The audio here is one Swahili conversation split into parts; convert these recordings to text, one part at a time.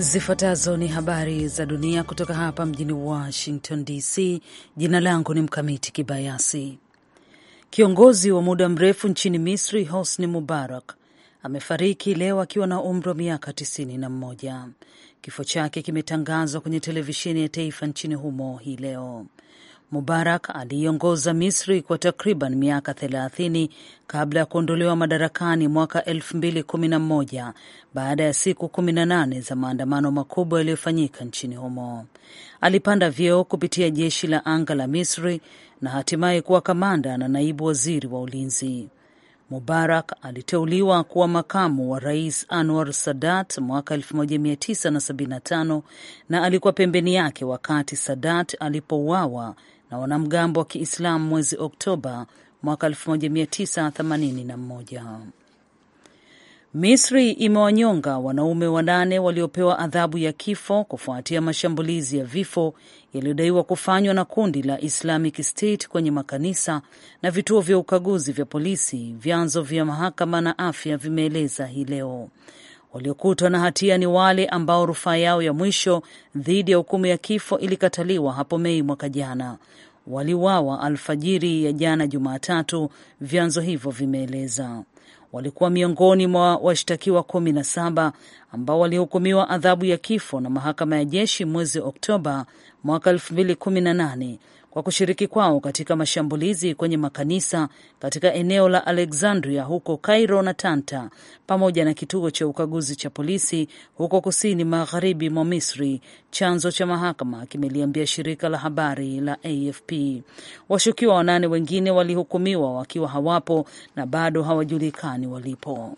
Zifuatazo ni habari za dunia kutoka hapa mjini Washington DC. Jina langu ni Mkamiti Kibayasi. Kiongozi wa muda mrefu nchini Misri Hosni Mubarak amefariki leo akiwa na umri wa miaka 91. Kifo chake kimetangazwa kwenye televisheni ya taifa nchini humo hii leo. Mubarak aliiongoza Misri kwa takriban miaka 30 kabla ya kuondolewa madarakani mwaka 2011 baada ya siku 18 za maandamano makubwa yaliyofanyika nchini humo. Alipanda vyeo kupitia jeshi la anga la Misri na hatimaye kuwa kamanda na naibu waziri wa ulinzi. Mubarak aliteuliwa kuwa makamu wa rais Anwar Sadat mwaka 1975 na alikuwa pembeni yake wakati Sadat alipouawa na wanamgambo wa Kiislamu mwezi Oktoba mwaka 1981. Misri imewanyonga wanaume wanane waliopewa adhabu ya kifo kufuatia mashambulizi ya vifo yaliyodaiwa kufanywa na kundi la Islamic State kwenye makanisa na vituo vya ukaguzi vya polisi, vyanzo vya mahakama na afya vimeeleza hii leo. Waliokutwa na hatia ni wale ambao rufaa yao ya mwisho dhidi ya hukumu ya kifo ilikataliwa hapo Mei mwaka jana. Waliuawa alfajiri ya jana Jumatatu, vyanzo hivyo vimeeleza. Walikuwa miongoni mwa washtakiwa kumi na saba ambao walihukumiwa adhabu ya kifo na mahakama ya jeshi mwezi Oktoba mwaka nane kwa kushiriki kwao katika mashambulizi kwenye makanisa katika eneo la Alexandria huko Cairo na Tanta, pamoja na kituo cha ukaguzi cha polisi huko kusini magharibi mwa Misri, chanzo cha mahakama kimeliambia shirika la habari la AFP. Washukiwa wanane wengine walihukumiwa wakiwa hawapo na bado hawajulikani walipo.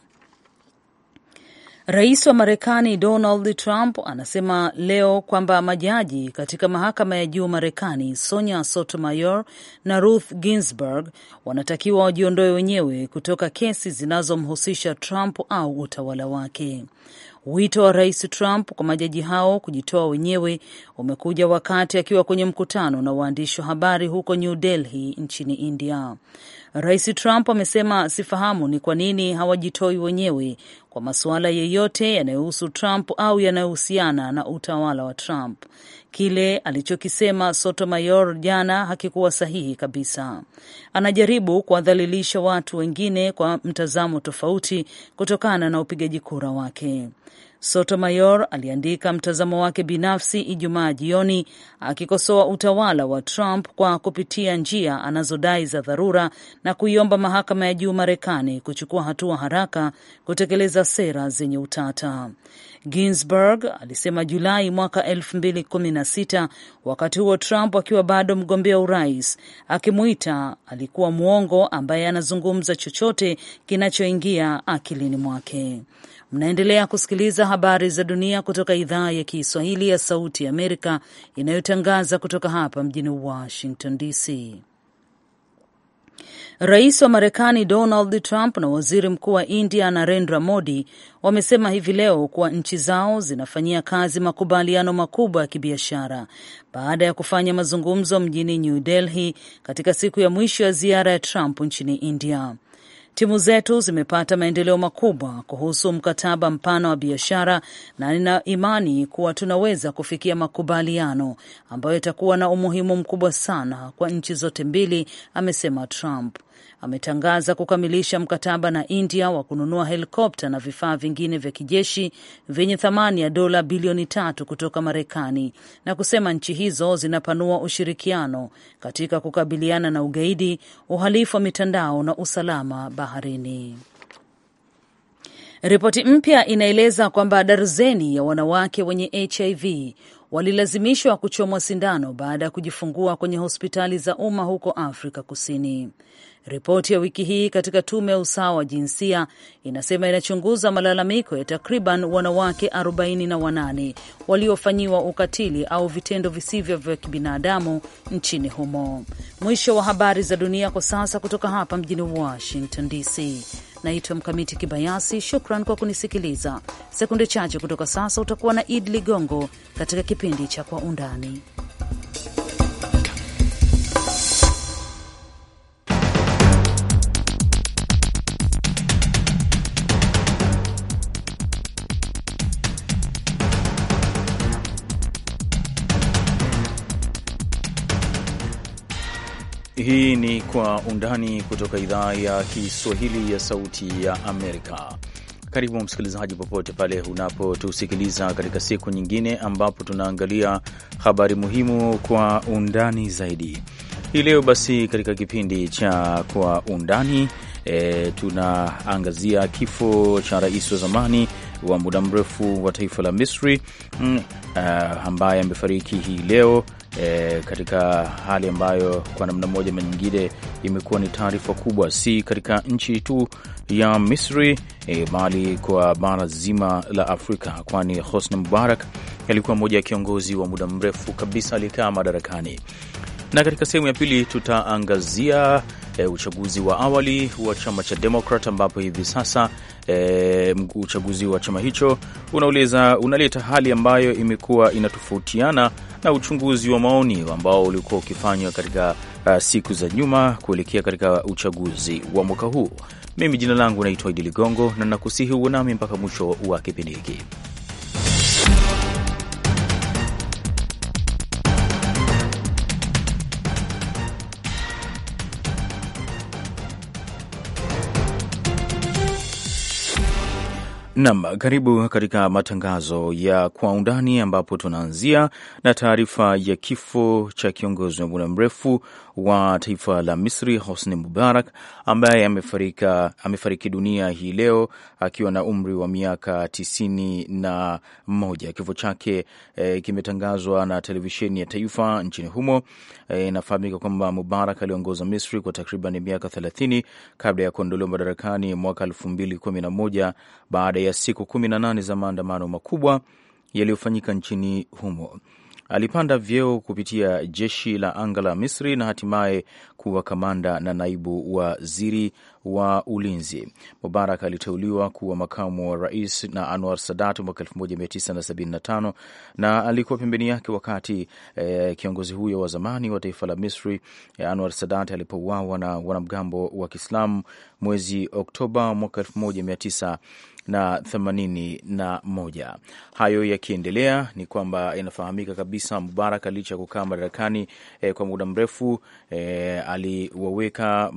Rais wa Marekani Donald Trump anasema leo kwamba majaji katika mahakama ya juu Marekani Sonia Sotomayor na Ruth Ginsburg wanatakiwa wajiondoe wenyewe kutoka kesi zinazomhusisha Trump au utawala wake. Wito wa Rais Trump kwa majaji hao kujitoa wenyewe umekuja wakati akiwa kwenye mkutano na waandishi wa habari huko New Delhi nchini India. Rais Trump amesema sifahamu ni kwa nini hawajitoi wenyewe kwa masuala yeyote yanayohusu Trump au yanayohusiana na utawala wa Trump. Kile alichokisema Sotomayor jana hakikuwa sahihi kabisa. Anajaribu kuwadhalilisha watu wengine kwa mtazamo tofauti kutokana na upigaji kura wake. Sotomayor aliandika mtazamo wake binafsi Ijumaa jioni akikosoa utawala wa Trump kwa kupitia njia anazodai za dharura na kuiomba mahakama ya juu Marekani kuchukua hatua haraka kutekeleza sera zenye utata. Ginsburg alisema Julai mwaka elfu wakati huo Trump akiwa bado mgombea urais, akimuita alikuwa mwongo ambaye anazungumza chochote kinachoingia akilini mwake. Mnaendelea kusikiliza habari za dunia kutoka idhaa ya Kiswahili ya Sauti ya Amerika inayotangaza kutoka hapa mjini Washington DC. Rais wa Marekani Donald Trump na waziri mkuu wa India Narendra Modi wamesema hivi leo kuwa nchi zao zinafanyia kazi makubaliano makubwa ya kibiashara baada ya kufanya mazungumzo mjini New Delhi katika siku ya mwisho ya ziara ya Trump nchini India. Timu zetu zimepata maendeleo makubwa kuhusu mkataba mpana wa biashara na nina imani kuwa tunaweza kufikia makubaliano ambayo itakuwa na umuhimu mkubwa sana kwa nchi zote mbili, amesema Trump ametangaza kukamilisha mkataba na India wa kununua helikopta na vifaa vingine vya kijeshi vyenye thamani ya dola bilioni tatu kutoka Marekani na kusema nchi hizo zinapanua ushirikiano katika kukabiliana na ugaidi, uhalifu wa mitandao na usalama baharini. Ripoti mpya inaeleza kwamba darzeni ya wanawake wenye HIV walilazimishwa kuchomwa sindano baada ya kujifungua kwenye hospitali za umma huko Afrika Kusini. Ripoti ya wiki hii katika tume ya usawa wa jinsia inasema inachunguza malalamiko ya takriban wanawake 48 waliofanyiwa ukatili au vitendo visivyo vya kibinadamu nchini humo. Mwisho wa habari za dunia kwa sasa, kutoka hapa mjini Washington DC. Naitwa Mkamiti Kibayasi. Shukran kwa kunisikiliza. Sekunde chache kutoka sasa utakuwa na Id Ligongo katika kipindi cha Kwa Undani. Kwa Undani kutoka idhaa ya Kiswahili ya Sauti ya Amerika. Karibu msikilizaji, popote pale unapotusikiliza katika siku nyingine ambapo tunaangalia habari muhimu kwa undani zaidi. Hii leo basi, katika kipindi cha Kwa Undani e, tunaangazia kifo cha rais wa zamani wa muda mrefu wa taifa la Misri mm, uh, ambaye amefariki hii leo E, katika hali ambayo kwa namna moja ama nyingine imekuwa ni taarifa kubwa, si katika nchi tu ya Misri e, bali kwa bara zima la Afrika, kwani Hosni Mubarak alikuwa mmoja ya kiongozi wa muda mrefu kabisa aliyekaa madarakani. Na katika sehemu ya pili tutaangazia e, uchaguzi wa awali wa chama cha Demokrat ambapo hivi sasa e, uchaguzi wa chama hicho unauliza, unaleta hali ambayo imekuwa inatofautiana na uchunguzi wa maoni ambao ulikuwa ukifanywa katika uh, siku za nyuma kuelekea katika uchaguzi wa mwaka huu. Mimi jina langu naitwa Idi Ligongo na nakusihi uwe nami mpaka mwisho wa kipindi hiki. Nam, karibu katika matangazo ya kwa undani, ambapo tunaanzia na taarifa ya kifo cha kiongozi wa muda mrefu wa taifa la Misri Hosni Mubarak ambaye amefariki dunia hii leo akiwa na umri wa miaka tisini na moja. Kifo chake e, kimetangazwa na televisheni ya taifa nchini humo. E, inafahamika e, kwamba Mubarak aliongoza Misri kwa takriban miaka thelathini kabla ya kuondolewa madarakani mwaka elfu mbili kumi na moja baada ya ya siku 18 za maandamano makubwa yaliyofanyika nchini humo. Alipanda vyeo kupitia jeshi la anga la Misri na hatimaye kuwa kamanda na naibu waziri wa ulinzi. Mubarak aliteuliwa kuwa makamu wa rais na Anwar Sadat mwaka 1975 na alikuwa pembeni yake wakati eh, kiongozi huyo wa zamani wa taifa la Misri eh, Anwar Sadat alipouawa na wanamgambo wa Kiislamu mwezi Oktoba mwaka 19 na themanini na moja. Hayo yakiendelea ni kwamba inafahamika kabisa Mubarak licha ya kukaa madarakani eh, kwa muda mrefu eh, aliwaweka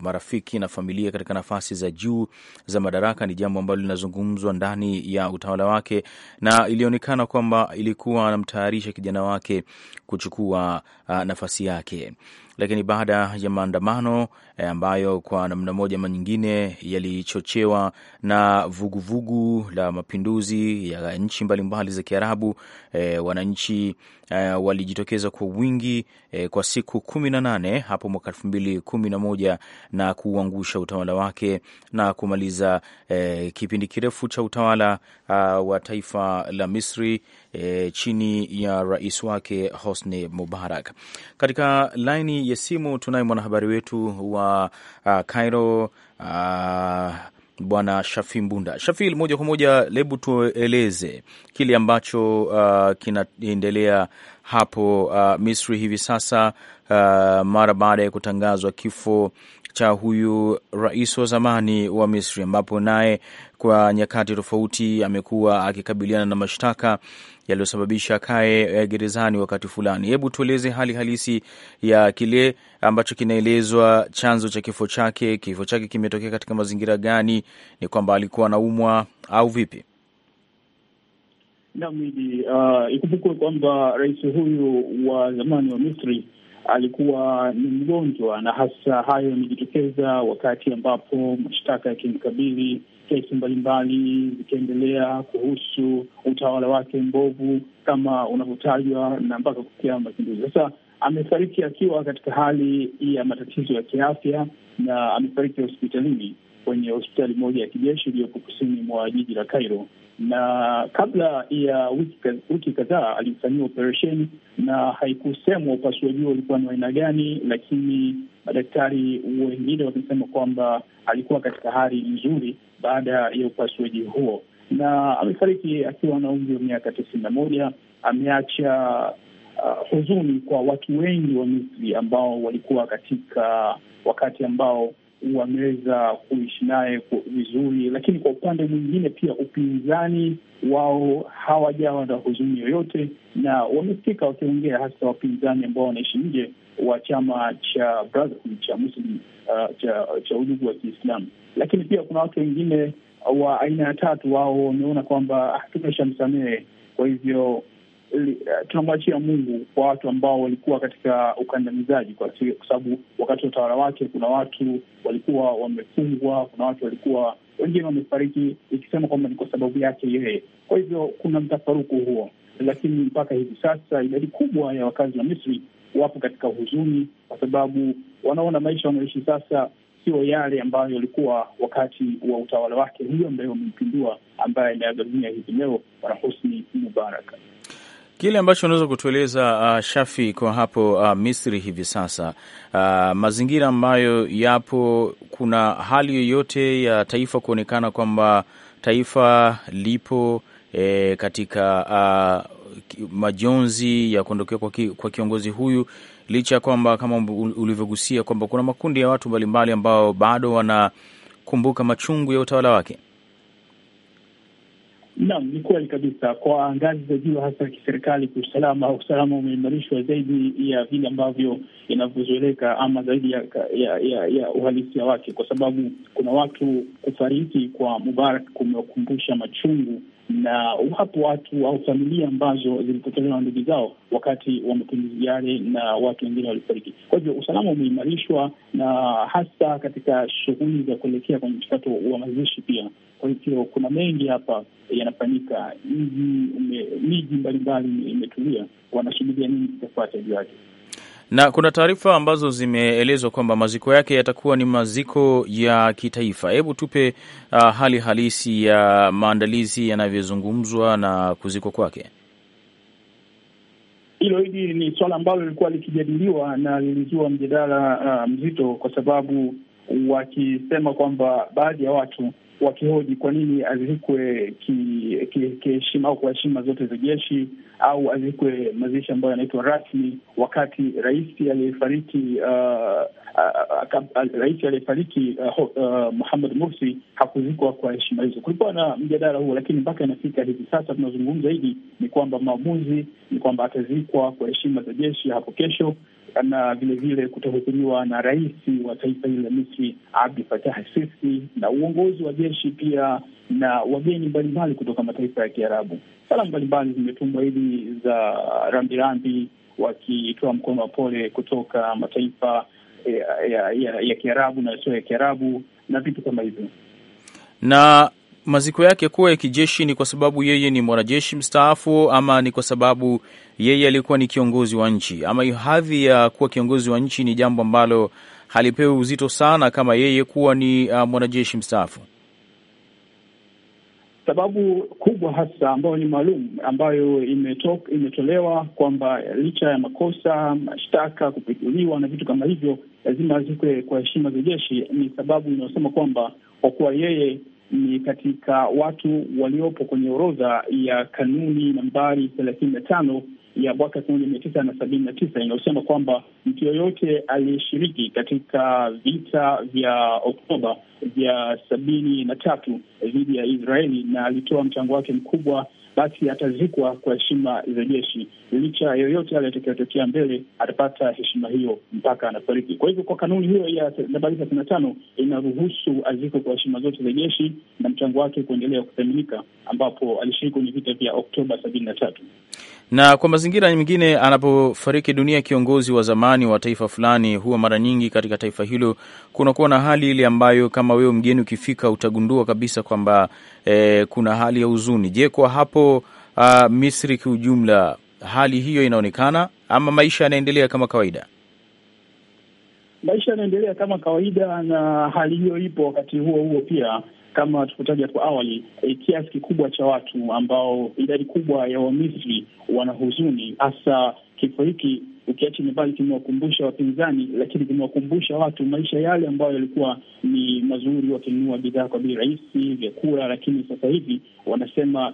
marafiki na familia katika nafasi za juu za madaraka, ni jambo ambalo linazungumzwa ndani ya utawala wake, na ilionekana kwamba ilikuwa anamtayarisha kijana wake kuchukua ah, nafasi yake lakini baada ya maandamano eh, ambayo kwa namna moja ama nyingine yalichochewa na vuguvugu vugu la mapinduzi ya nchi mbalimbali za Kiarabu, e, wananchi e, walijitokeza kwa wingi e, kwa siku kumi na nane hapo mwaka elfu mbili kumi na moja na kuuangusha utawala wake na kumaliza e, kipindi kirefu cha utawala a, ah, wa taifa la Misri e, chini ya rais wake Hosni Mubarak. Katika laini ya simu tunaye mwanahabari wetu wa uh, Cairo uh, Bwana Shafi Mbunda. Shafi, moja kwa moja, hebu tueleze kile ambacho uh, kinaendelea hapo uh, Misri hivi sasa uh, mara baada ya kutangazwa kifo cha huyu rais wa zamani wa Misri, ambapo naye kwa nyakati tofauti amekuwa akikabiliana na mashtaka yaliyosababisha kae eh, gerezani wakati fulani. Hebu tueleze hali halisi ya kile ambacho kinaelezwa chanzo cha kifo chake. Kifo chake kimetokea katika mazingira gani? Ni kwamba alikuwa anaumwa au vipi? Naam, uh, ikumbukwe kwamba rais huyu wa zamani wa Misri alikuwa ni mgonjwa, na hasa hayo yamejitokeza wakati ambapo mashtaka yakimkabili kesi mbalimbali zikiendelea kuhusu utawala wake mbovu kama unavyotajwa na mpaka kufikia mapinduzi. Sasa amefariki akiwa katika hali ya matatizo ya kiafya na amefariki hospitalini kwenye hospitali moja ya kijeshi iliyoko kusini mwa jiji la Cairo na kabla ya wiki, kadhaa alifanyiwa operesheni na haikusemwa upasuaji huo ulikuwa ni aina gani, lakini madaktari wengine wakisema kwamba alikuwa katika hali nzuri baada ya upasuaji huo, na amefariki akiwa na umri wa miaka tisini na moja. Ameacha uh, huzuni kwa watu wengi wa Misri ambao walikuwa katika wakati ambao wameweza kuishi naye vizuri, lakini kwa upande mwingine pia upinzani wao hawajawa na huzuni yoyote, na wamefika wakiongea, hasa wapinzani ambao wanaishi nje wa chama cha Brotherhood cha Muslim uh, cha, cha udugu wa Kiislamu. Lakini pia kuna watu wengine wa aina ya tatu, wao wameona kwamba tumeshamsamehe, kwa hivyo Eh, tunamwachia Mungu kwa watu ambao walikuwa katika ukandamizaji, kwa sababu wakati wa utawala wake kuna watu walikuwa wamefungwa, kuna watu walikuwa wengine wamefariki, ikisema kwamba ni kwa sababu yake yeye. Kwa hivyo kuna mtafaruku huo, lakini mpaka hivi sasa idadi kubwa ya wakazi wa Misri wapo katika huzuni, kwa sababu wanaona maisha wanaoishi sasa sio yale ambayo yalikuwa wakati wa utawala wake huyo ambaye wamempindua, ambaye ameaga dunia hivi leo, Bwana husni mubaraka Kile ambacho unaweza kutueleza uh, Shafi, kwa hapo uh, Misri hivi sasa uh, mazingira ambayo yapo, kuna hali yoyote ya taifa kuonekana kwamba taifa lipo eh, katika uh, majonzi ya kuondokea kwa, ki, kwa kiongozi huyu, licha ya kwamba kama ulivyogusia kwamba kuna makundi ya watu mbalimbali ambao bado wanakumbuka machungu ya utawala wake? Naam, ni kweli kabisa. Kwa ngazi za juu hasa ya kiserikali, kiusalama, usalama umeimarishwa zaidi ya vile ambavyo inavyozoeleka ama zaidi ya, ya, ya, ya uhalisia wake, kwa sababu kuna watu kufariki kwa Mubarak kumewakumbusha machungu na wapo watu au familia ambazo zilipotelewa na ndugu zao wakati wa mapinduzi yale, na watu wengine walifariki. Kwa hivyo usalama umeimarishwa, na hasa katika shughuli za kuelekea kwenye mchakato wa mazishi pia. Kwa hivyo kuna mengi hapa yanafanyika, miji mbalimbali imetulia, wanasubiria nini kitafuata juu yake na kuna taarifa ambazo zimeelezwa kwamba maziko yake yatakuwa ni maziko ya kitaifa. Hebu tupe uh, hali halisi ya maandalizi yanavyozungumzwa na kuzikwa kwake. Hilo hili ni suala ambalo lilikuwa likijadiliwa na lilizua mjadala uh, mzito, kwa sababu wakisema kwamba baadhi ya watu wakihoji kwa nini azikwe kiheshima au kwa heshima zote za jeshi au azikwe mazishi ambayo yanaitwa rasmi, wakati rais aliyefariki uh, uh, uh, rais aliyefariki Muhammad Mursi hakuzikwa kwa heshima hizo. Kulikuwa na mjadala huo, lakini mpaka inafika hivi sasa tunazungumza hivi ni kwamba maamuzi ni kwamba atazikwa kwa heshima za jeshi hapo kesho na vilevile kutohudhuriwa na rais wa taifa hili la Misri Abdi fatah Sisi na uongozi wa jeshi pia na wageni mbalimbali kutoka mataifa ya Kiarabu. Salamu mbalimbali zimetumwa hili za rambirambi, wakitoa mkono wa pole kutoka mataifa ya, eh, ya, ya, ya Kiarabu na yasio ya Kiarabu na vitu kama hivyo na maziko yake kuwa ya kijeshi ni kwa sababu yeye ni mwanajeshi mstaafu, ama ni kwa sababu yeye alikuwa ni kiongozi wa nchi, ama hadhi ya kuwa kiongozi wa nchi ni jambo ambalo halipewi uzito sana kama yeye kuwa ni uh, mwanajeshi mstaafu? Sababu kubwa hasa ambayo ni maalum ambayo imetok, imetolewa kwamba licha ya makosa, mashtaka, kupiguliwa na vitu kama hivyo lazima azikwe kwa heshima za jeshi, ni sababu inayosema kwamba kwa kuwa yeye ni katika watu waliopo kwenye orodha ya kanuni nambari thelathini na tano ya mwaka elfu moja mia tisa na sabini na tisa inayosema kwamba mtu yoyote aliyeshiriki katika vita vya Oktoba vya sabini na tatu dhidi ya Israeli na alitoa mchango wake mkubwa basi atazikwa kwa heshima za jeshi. Licha yoyote yale atakayotokea mbele, atapata heshima hiyo mpaka anafariki. Kwa hivyo, kwa kanuni hiyo ya nambari thelathini na tano inaruhusu azikwe kwa heshima zote za jeshi na mchango wake kuendelea kuthaminika, ambapo alishiriki kwenye vita vya Oktoba sabini na tatu. Na kwa mazingira mengine, anapofariki dunia kiongozi wa zamani wa taifa fulani, huwa mara nyingi katika taifa hilo kunakuwa na hali ile ambayo kama wewe mgeni ukifika utagundua kabisa kwamba eh, kuna hali ya huzuni. Je, kwa hapo uh, Misri kiujumla hali hiyo inaonekana ama maisha yanaendelea kama kawaida? Maisha yanaendelea kama kawaida, na hali hiyo ipo wakati huo huo pia kama tukutaja kwa awali, e, kiasi kikubwa cha watu ambao idadi kubwa ya Wamisri wana huzuni, hasa kifo hiki ukiacha mbali, kimewakumbusha wapinzani, lakini kimewakumbusha watu maisha yale ambayo yalikuwa ni mazuri, wakinunua bidhaa kwa bei rahisi, vyakula. Lakini sasa hivi wanasema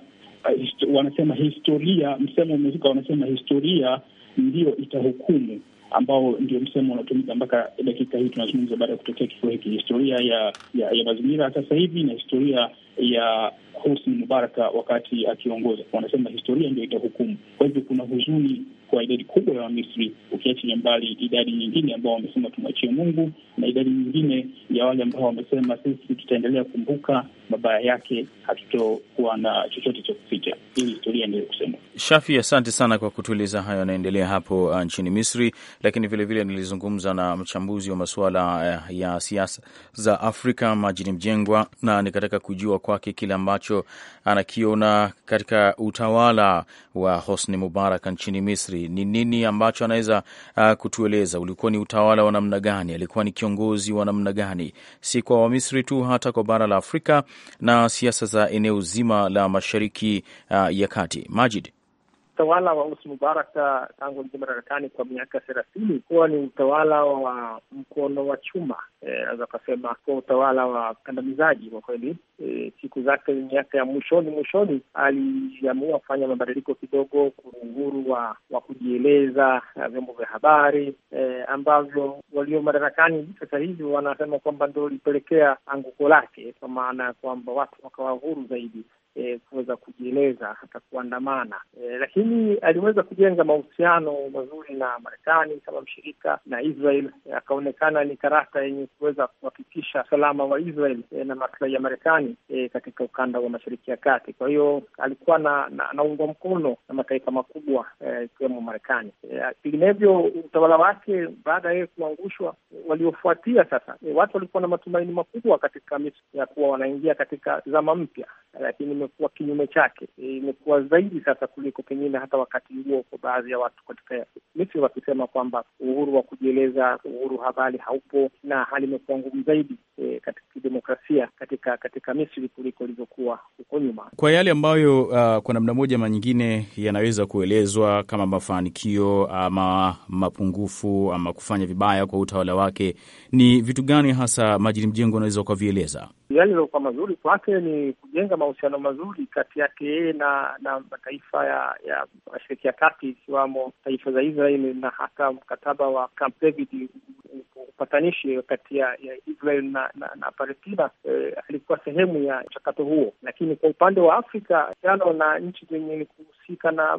uh, hist wanasema historia, msemo umefika, wanasema historia ndiyo itahukumu ambao ndio msemo unatumika mpaka dakika hii tunazungumza, baada ya kutokea kifo hiki, historia ya ya, ya mazingira sasa hivi na historia ya Hosni Mubaraka wakati akiongoza. Wanasema historia ndio itahukumu. Kwa hivyo kuna huzuni kwa idadi kubwa ya Wamisri, ukiachilia mbali idadi nyingine ambao wamesema tumwachie Mungu na idadi nyingine ya wale ambao wamesema sisi tutaendelea kumbuka mabaya yake, hatutokuwa na chochote cha kuficha, Hili historia endelee kusema. Shafi, asante sana kwa kutueleza hayo yanaendelea hapo uh, nchini Misri. Lakini vilevile nilizungumza na mchambuzi wa masuala uh, ya siasa za Afrika Majini Mjengwa, na nikataka kujua kwake kile ambacho anakiona katika utawala wa Hosni Mubarak nchini Misri ni nini ambacho anaweza uh, kutueleza? Ulikuwa ni utawala wa namna gani? Alikuwa ni kiongozi wa namna gani, si kwa Wamisri tu, hata kwa bara la Afrika na siasa za eneo zima la Mashariki uh, ya Kati. Majid utawala wa Hosni Mubarak tangu ingia madarakani kwa miaka thelathini huwa ni utawala wa mkono wa chuma, e, naweza kasema kuwa utawala wa kandamizaji kwa kweli. E, siku zake miaka ya mwishoni mwishoni aliamua kufanya mabadiliko kidogo kuuhuru uhuru wa, wa kujieleza vyombo vya habari e, ambavyo walio madarakani sasa hivi wanasema kwamba ndo lipelekea anguko lake, kwa maana ya kwamba watu wakawa huru zaidi e, kuweza kujieleza hata kuandamana e, lakini aliweza kujenga mahusiano mazuri na Marekani kama mshirika na Israel, akaonekana ni karata yenye kuweza kuhakikisha usalama wa Israel e, na maslahi ya Marekani e, katika ukanda wa Mashariki ya Kati. Kwa hiyo alikuwa na anaungwa mkono na mataifa makubwa e, ikiwemo e, Marekani. Vinginevyo e, utawala wake baada ya yeye kuangushwa, waliofuatia sasa e, watu walikuwa na matumaini makubwa katika ya kuwa wanaingia katika zama mpya, lakini imekuwa kinyume chake, e, imekuwa zaidi sasa kuliko pengine hata wakati huo, kwa baadhi ya watu katika Misri wakisema kwamba uhuru wa kujieleza, uhuru habari haupo, na hali imekuwa ngumu zaidi e, katika kidemokrasia katika katika Misri kuliko ilivyokuwa huko nyuma. Kwa yale ambayo uh, kwa namna moja ama nyingine yanaweza kuelezwa kama mafanikio ama mapungufu ama kufanya vibaya kwa utawala wake ni vitu gani hasa majini mjengo unaweza ukavieleza? Yale yaliokuwa mazuri kwake ni kujenga mahusiano mazuri kati yake yeye na na mataifa ya ya Mashariki ya Kati, ikiwamo taifa za Israeli na hata mkataba wa Camp David upatanishi kati ya Israel na, na, na Palestina eh, alikuwa sehemu ya mchakato huo. Lakini kwa upande wa Afrika jano na nchi zenye kuhusika na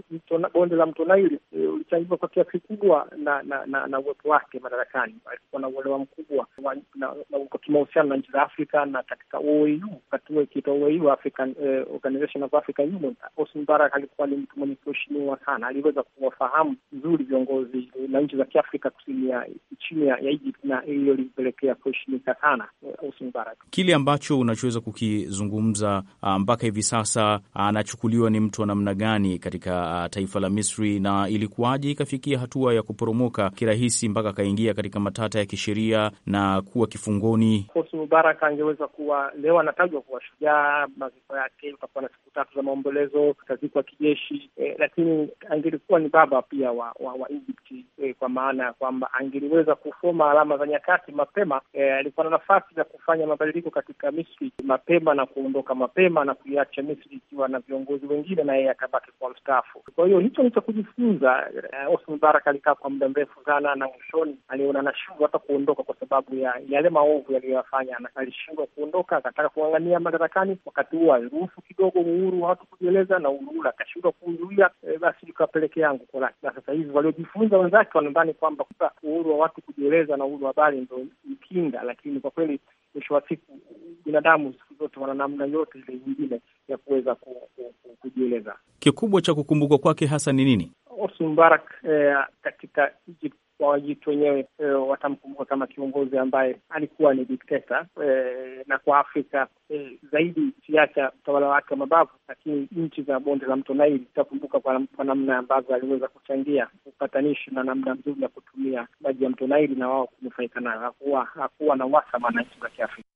bonde la mto eh, ulichangiwa kwa kiasi kikubwa na na, na, na uwepo wake madarakani. Alikuwa na uelewa mkubwa wa, na, na, kwa kimahusiano na nchi za Afrika na katika OAU, wakati huo ikiitwa OAU, African eh, Organization of African Union. alikuwa ni mtu mwenye kuheshimiwa sana, aliweza kuwafahamu vizuri viongozi na nchi za Kiafrika kusini ya chini ya Egypt, na hilo lilipelekea kuheshimika sana Hosni eh, Mubarak. Kile ambacho unachoweza kukizungumza ah, mpaka hivi sasa, ah, anachukuliwa ni mtu wa namna gani katika ah, taifa la Misri na ilikuwaje ikafikia hatua ya kuporomoka kirahisi mpaka akaingia katika matata ya kisheria na kuwa kifungoni? Hosni Mubarak angeweza kuwa leo anatajwa kuwa shujaa, maziko yake utakuwa na siku tatu za maombolezo, atazikwa kijeshi eh, lakini angelikuwa ni baba pia wa wa, wa Egypt eh, kwa maana ya kwamba angeliweza za kusoma alama za nyakati mapema, e, alikuwa na nafasi za kufanya mabadiliko katika Misri mapema na kuondoka mapema na kuiacha Misri ikiwa na viongozi wengine, na yeye akabaki kwa mstaafu. Kwa hiyo hicho ni cha kujifunza. Eh, Hosni Mubarak alikaa kwa muda mrefu sana, na mwishoni aliona anashindwa hata kuondoka kwa sababu ya yale maovu yaliyoyafanya. Alishindwa kuondoka, akataka kung'ang'ania madarakani, wakati huo aliruhusu kidogo uhuru wa watu kujieleza na uhuru akashindwa kuuzuia, eh, basi ikawapelekea nguko lake. Na sasa hivi waliojifunza wenzake wanadhani kwamba uhuru wa watu watu kujieleza na uhuru wa habari ndo mkinga, lakini kwa kweli mwisho wa siku binadamu siku zote wana namna yote ile nyingine ya kuweza kujieleza. Kikubwa cha kukumbukwa kwake hasa ni nini? Hosni Mubarak eh, katika Egypt wawajitu wenyewe e, watamkumbuka kama kiongozi ambaye alikuwa ni dikteta e, na kwa Afrika e, zaidi siacha utawala wake wa mabavu, lakini nchi za bonde la mto Naili zitakumbuka kwa namna ambazo aliweza kuchangia upatanishi na namna mzuri ya kutumia maji ya mto Naili na wao kunufaika nayo. Hakuwa na uhasama na nchi za Kiafrika.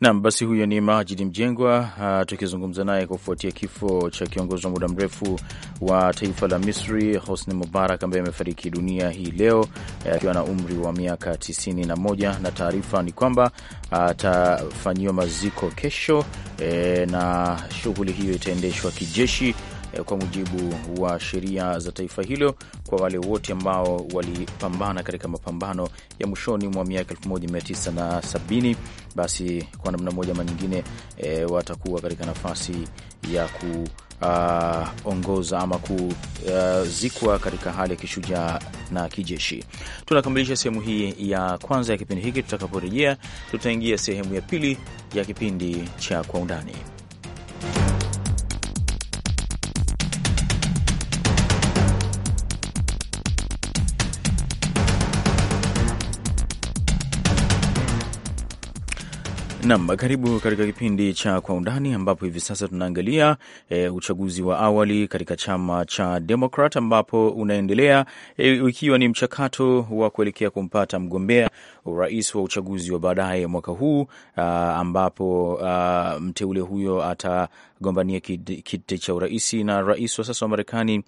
Nam basi, huyo ni Majidi Mjengwa ah, tukizungumza naye kufuatia kifo cha kiongozi wa muda mrefu wa taifa la Misri Hosni Mubarak ambaye amefariki dunia hii leo eh, akiwa na umri wa miaka 91 na, na taarifa ni kwamba ah, atafanyiwa maziko kesho e, na shughuli hiyo itaendeshwa kijeshi Eh, kwa mujibu wa sheria za taifa hilo kwa wale wote ambao walipambana katika mapambano ya mwishoni mwa miaka 1970 basi kwa namna moja ama nyingine e, watakuwa katika nafasi ya kuongoza ah, uh, ama kuzikwa eh, uh, katika hali ya kishujaa na kijeshi. Tunakamilisha sehemu hii ya kwanza ya kipindi hiki. Tutakaporejea tutaingia sehemu ya pili ya kipindi cha Kwa Undani. Nam, karibu katika kipindi cha Kwa Undani, ambapo hivi sasa tunaangalia e, uchaguzi wa awali katika chama cha Demokrat ambapo unaendelea e, ikiwa ni mchakato wa kuelekea kumpata mgombea urais wa uchaguzi wa baadaye mwaka huu uh, ambapo uh, mteule huyo atagombania kiti cha uraisi na rais wa sasa wa Marekani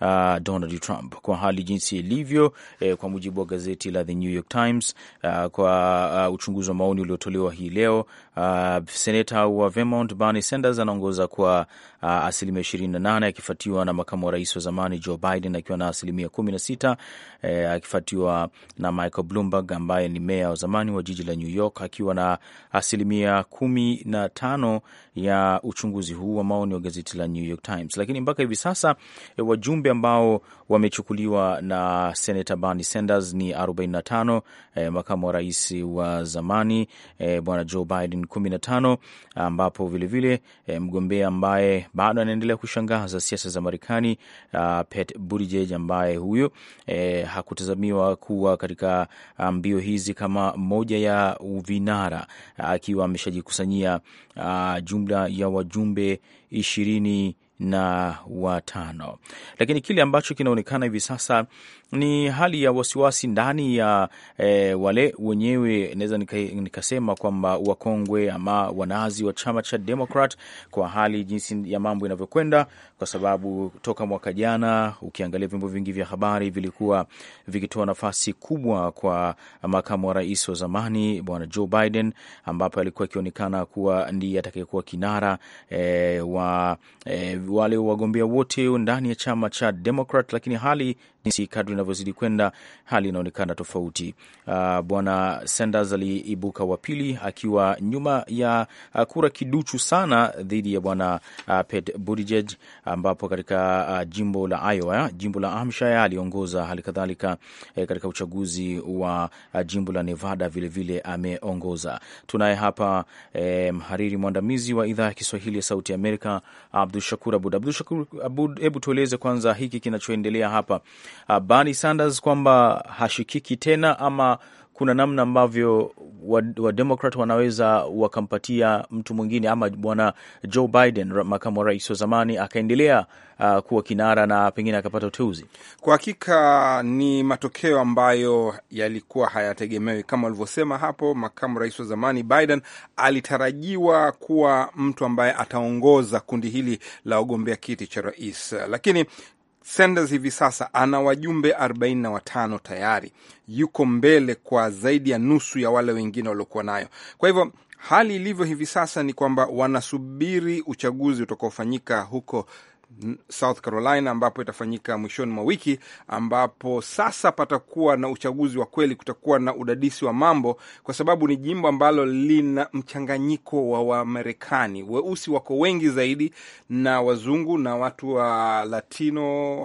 uh, Donald Trump. Kwa hali jinsi ilivyo, eh, kwa mujibu wa gazeti la The New York Times uh, kwa uh, uchunguzi wa maoni uliotolewa hii leo uh, seneta wa Vermont Bernie Sanders anaongoza kwa uh, asilimia ishirini na nane akifuatiwa na makamu wa rais wa zamani Joe Biden akiwa na asilimia kumi na sita eh, akifuatiwa na Michael Bloomberg ambaye ni meya wa zamani wa jiji la New York akiwa na asilimia kumi na tano ya uchunguzi huu wa maoni wa gazeti la New York Times. Lakini mpaka hivi sasa eh, wajumbe ambao wamechukuliwa na senata Bernie Sanders ni 45, eh, makamu wa rais wa zamani eh, bwana Joe Biden 15, ambapo vilevile eh, mgombea ambaye bado anaendelea kushangaza siasa za Marekani. Uh, Pete Buttigieg ambaye huyo eh, hakutazamiwa kuwa katika uh, mbio hizi kama moja ya uvinara uh, akiwa ameshajikusanyia uh, jumla ya wajumbe ishirini na watano, lakini kile ambacho kinaonekana hivi sasa ni hali ya wasiwasi ndani ya e, wale wenyewe, naweza nikasema kwamba wakongwe ama wanazi wa chama cha Democrat kwa hali jinsi ya mambo inavyokwenda, kwa sababu toka mwaka jana ukiangalia vyombo vingi vya habari vilikuwa vikitoa nafasi kubwa kwa makamu wa rais wa zamani bwana Joe Biden, ambapo alikuwa akionekana kuwa ndiye atakayekuwa kinara e, wa e, wale wagombea wote ndani ya chama cha Democrat, lakini hali jinsi kadri linavyozidi kwenda, hali inaonekana tofauti. Uh, bwana Sanders aliibuka wa pili akiwa nyuma ya uh, kura kiduchu sana dhidi ya bwana uh, Pete Buttigieg, ambapo katika uh, jimbo la Iowa, jimbo la Hampshire aliongoza, hali kadhalika eh, katika uchaguzi wa uh, jimbo la Nevada vilevile ameongoza. Tunaye hapa eh, mhariri mwandamizi wa idhaa ya Kiswahili ya Sauti Amerika Abdushakur Abud. Abdushakur Abud, hebu tueleze kwanza hiki kinachoendelea hapa uh, Bernie Sanders kwamba hashikiki tena, ama kuna namna ambavyo wademokrat wa wanaweza wakampatia mtu mwingine, ama bwana Joe Biden, makamu wa rais wa zamani, akaendelea uh, kuwa kinara na pengine akapata uteuzi. Kwa hakika ni matokeo ambayo yalikuwa hayategemewi. Kama walivyosema hapo, makamu rais wa zamani Biden alitarajiwa kuwa mtu ambaye ataongoza kundi hili la ugombea kiti cha rais, lakini Sanders hivi sasa ana wajumbe 45 tayari, yuko mbele kwa zaidi ya nusu ya wale wengine waliokuwa nayo. Kwa hivyo hali ilivyo hivi sasa ni kwamba wanasubiri uchaguzi utakaofanyika huko South Carolina ambapo itafanyika mwishoni mwa wiki, ambapo sasa patakuwa na uchaguzi wa kweli. Kutakuwa na udadisi wa mambo, kwa sababu ni jimbo ambalo lina mchanganyiko wa Wamarekani. Weusi wako wengi zaidi na wazungu na watu wa Latino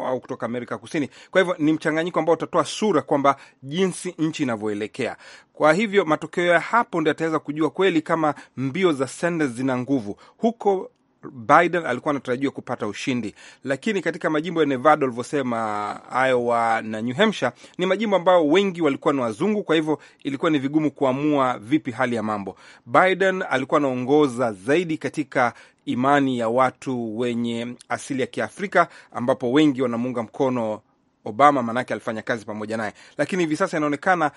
au kutoka Amerika Kusini. Kwa hivyo ni mchanganyiko ambao utatoa sura kwamba jinsi nchi inavyoelekea. Kwa hivyo matokeo ya hapo ndio yataweza kujua kweli kama mbio za Sanders zina nguvu huko Biden alikuwa anatarajiwa kupata ushindi, lakini katika majimbo ya Nevada walivyosema, Iowa na New Hampshire ni majimbo ambayo wengi walikuwa ni wazungu, kwa hivyo ilikuwa ni vigumu kuamua vipi hali ya mambo. Biden alikuwa anaongoza zaidi katika imani ya watu wenye asili ya Kiafrika, ambapo wengi wanamuunga mkono Obama, maanake alifanya kazi pamoja naye, lakini hivi sasa inaonekana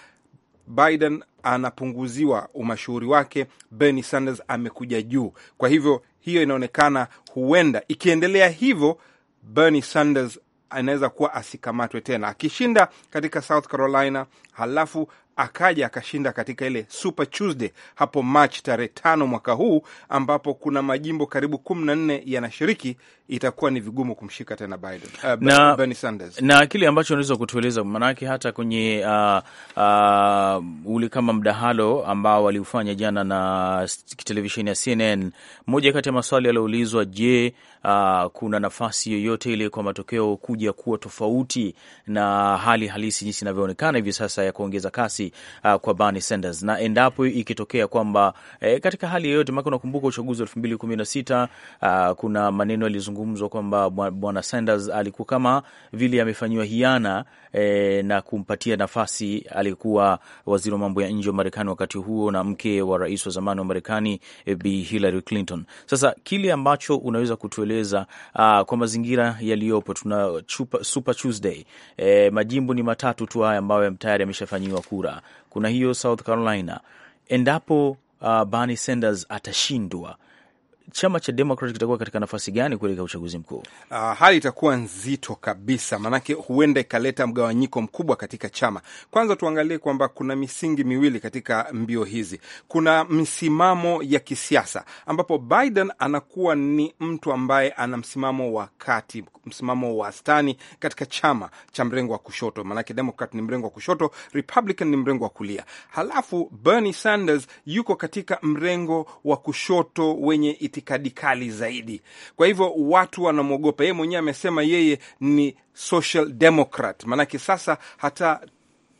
Biden anapunguziwa umashuhuri wake, Bernie Sanders amekuja juu. Kwa hivyo hiyo inaonekana huenda ikiendelea hivyo, Bernie Sanders anaweza kuwa asikamatwe tena, akishinda katika South Carolina halafu akaja akashinda katika ile Super Tuesday hapo March tarehe tano mwaka huu, ambapo kuna majimbo karibu kumi na nne yanashiriki itakuwa ni vigumu kumshika tena Biden, uh, na, Bernie Sanders. Na kile ambacho unaweza kutueleza, maanake hata kwenye uh, uh, ule kama mdahalo ambao waliufanya jana na televisheni ya CNN, moja kati ya maswali yaliyoulizwa, je, uh, kuna nafasi yoyote ile kwa matokeo kuja kuwa tofauti na hali halisi jinsi inavyoonekana hivi sasa ya kuongeza kasi uh, kwa Bernie Sanders, na endapo ikitokea kwamba eh, katika hali yoyote, maana unakumbuka uchaguzi wa elfu mbili kumi na sita uh, kuna maneno yaliz inazungumzwa kwamba bwana Sanders alikuwa kama vile amefanyiwa hiana e, na kumpatia nafasi aliyekuwa waziri wa mambo ya nje wa Marekani wakati huo na mke wa rais wa zamani wa Marekani e, Bi Hillary Clinton. Sasa kile ambacho unaweza kutueleza a, ah, kwa mazingira yaliyopo, tuna chupa, Super Tuesday e, majimbo ni matatu tu haya ambayo tayari yameshafanyiwa kura. Kuna hiyo South Carolina, endapo ah, Bernie Sanders atashindwa chama cha Demokrat kitakuwa katika nafasi gani kuelekea uchaguzi mkuu? Uh, hali itakuwa nzito kabisa, maanake huenda ikaleta mgawanyiko mkubwa katika chama. Kwanza tuangalie kwamba kuna misingi miwili katika mbio hizi. Kuna misimamo ya kisiasa ambapo Biden anakuwa ni mtu ambaye ana msimamo wa kati, msimamo wa wastani katika chama cha mrengo wa kushoto, maanake Demokrat ni mrengo wa kushoto, Republican ni mrengo wa kulia. Halafu Bernie Sanders yuko katika mrengo wa kushoto wenye itikadi kali zaidi. Kwa hivyo watu wanamwogopa yeye. Mwenyewe amesema yeye ni social democrat, maanake sasa hata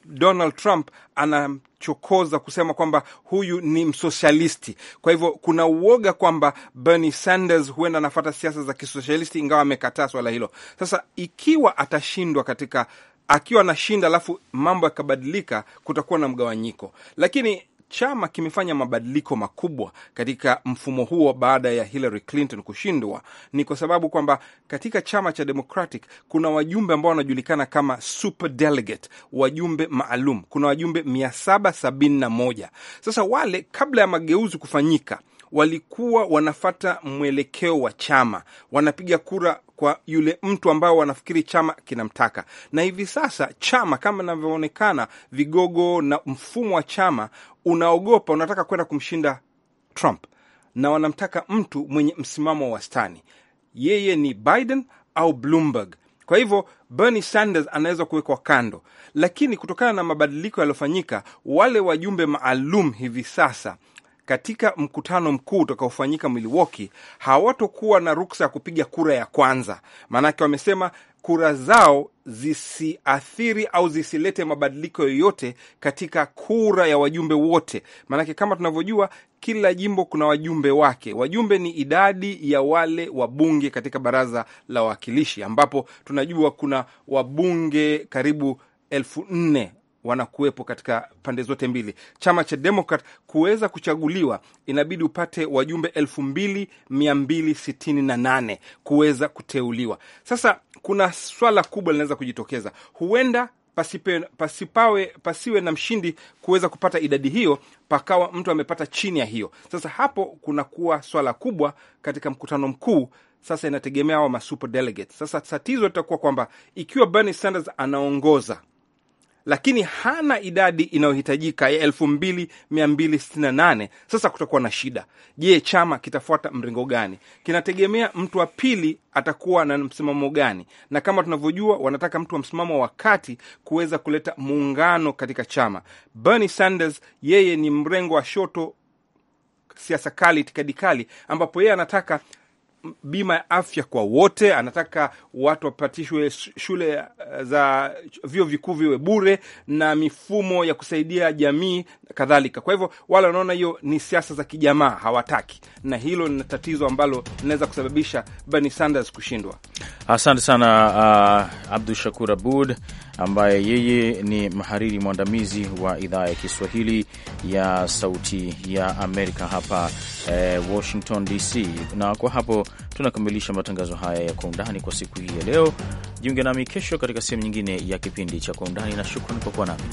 Donald Trump anachokoza kusema kwamba huyu ni msosialisti. Kwa hivyo kuna uoga kwamba Bernie Sanders huenda anafata siasa za kisosialisti, ingawa amekataa swala hilo. Sasa ikiwa atashindwa katika akiwa anashinda alafu mambo yakabadilika, kutakuwa na mgawanyiko, lakini chama kimefanya mabadiliko makubwa katika mfumo huo baada ya Hillary Clinton kushindwa ni kwa sababu kwamba katika chama cha Democratic kuna wajumbe ambao wanajulikana kama super delegate, wajumbe maalum. Kuna wajumbe 771. Sasa wale kabla ya mageuzi kufanyika walikuwa wanafata mwelekeo wa chama, wanapiga kura kwa yule mtu ambao wanafikiri chama kinamtaka. Na hivi sasa chama kama inavyoonekana, vigogo na mfumo wa chama unaogopa, unataka kwenda kumshinda Trump na wanamtaka mtu mwenye msimamo wa wastani, yeye ni Biden au Bloomberg. Kwa hivyo Bernie Sanders anaweza kuwekwa kando, lakini kutokana na mabadiliko yaliyofanyika, wale wajumbe maalum hivi sasa katika mkutano mkuu utakaofanyika Milwaukee hawatokuwa na ruksa ya kupiga kura ya kwanza, maanake wamesema kura zao zisiathiri au zisilete mabadiliko yoyote katika kura ya wajumbe wote. Maanake kama tunavyojua, kila jimbo kuna wajumbe wake. Wajumbe ni idadi ya wale wabunge katika baraza la wawakilishi, ambapo tunajua kuna wabunge karibu elfu nne wanakuwepo katika pande zote mbili. Chama cha Demokrat kuweza kuchaguliwa, inabidi upate wajumbe elfu mbili mia mbili sitini na nane kuweza kuteuliwa. Sasa kuna swala kubwa linaweza kujitokeza, huenda pasipe, pasipawe, pasiwe na mshindi kuweza kupata idadi hiyo, pakawa mtu amepata chini ya hiyo. Sasa hapo kunakuwa swala kubwa katika mkutano mkuu. Sasa inategemea hawa masuper delegate. Sasa tatizo litakuwa kwamba ikiwa Bernie Sanders anaongoza lakini hana idadi inayohitajika ya elfu mbili mia mbili na nane. Sasa kutakuwa na shida. Je, chama kitafuata mrengo gani? Kinategemea mtu wa pili atakuwa na msimamo gani, na kama tunavyojua, wanataka mtu wa msimamo wa kati kuweza kuleta muungano katika chama. Bernie Sanders yeye ni mrengo wa shoto, siasa kali, itikadi kali, ambapo yeye anataka bima ya afya kwa wote, anataka watu wapatishwe shule eh, za vyuo vikuu viwe bure na mifumo ya kusaidia jamii kadhalika. Kwa hivyo wale wanaona hiyo ni siasa za kijamaa hawataki, na hilo ni tatizo ambalo linaweza kusababisha Bernie Sanders kushindwa. Asante sana, uh, ah, Abdu Shakur Abud ambaye yeye ni mhariri mwandamizi wa idhaa ya Kiswahili ya Sauti ya Amerika hapa eh, Washington DC. Na kwa hapo tunakamilisha matangazo haya ya Kwa Undani kwa siku hii ya leo. Jiunge nami kesho katika sehemu nyingine ya kipindi cha Kwa Undani, na shukran kwa kuwa nami.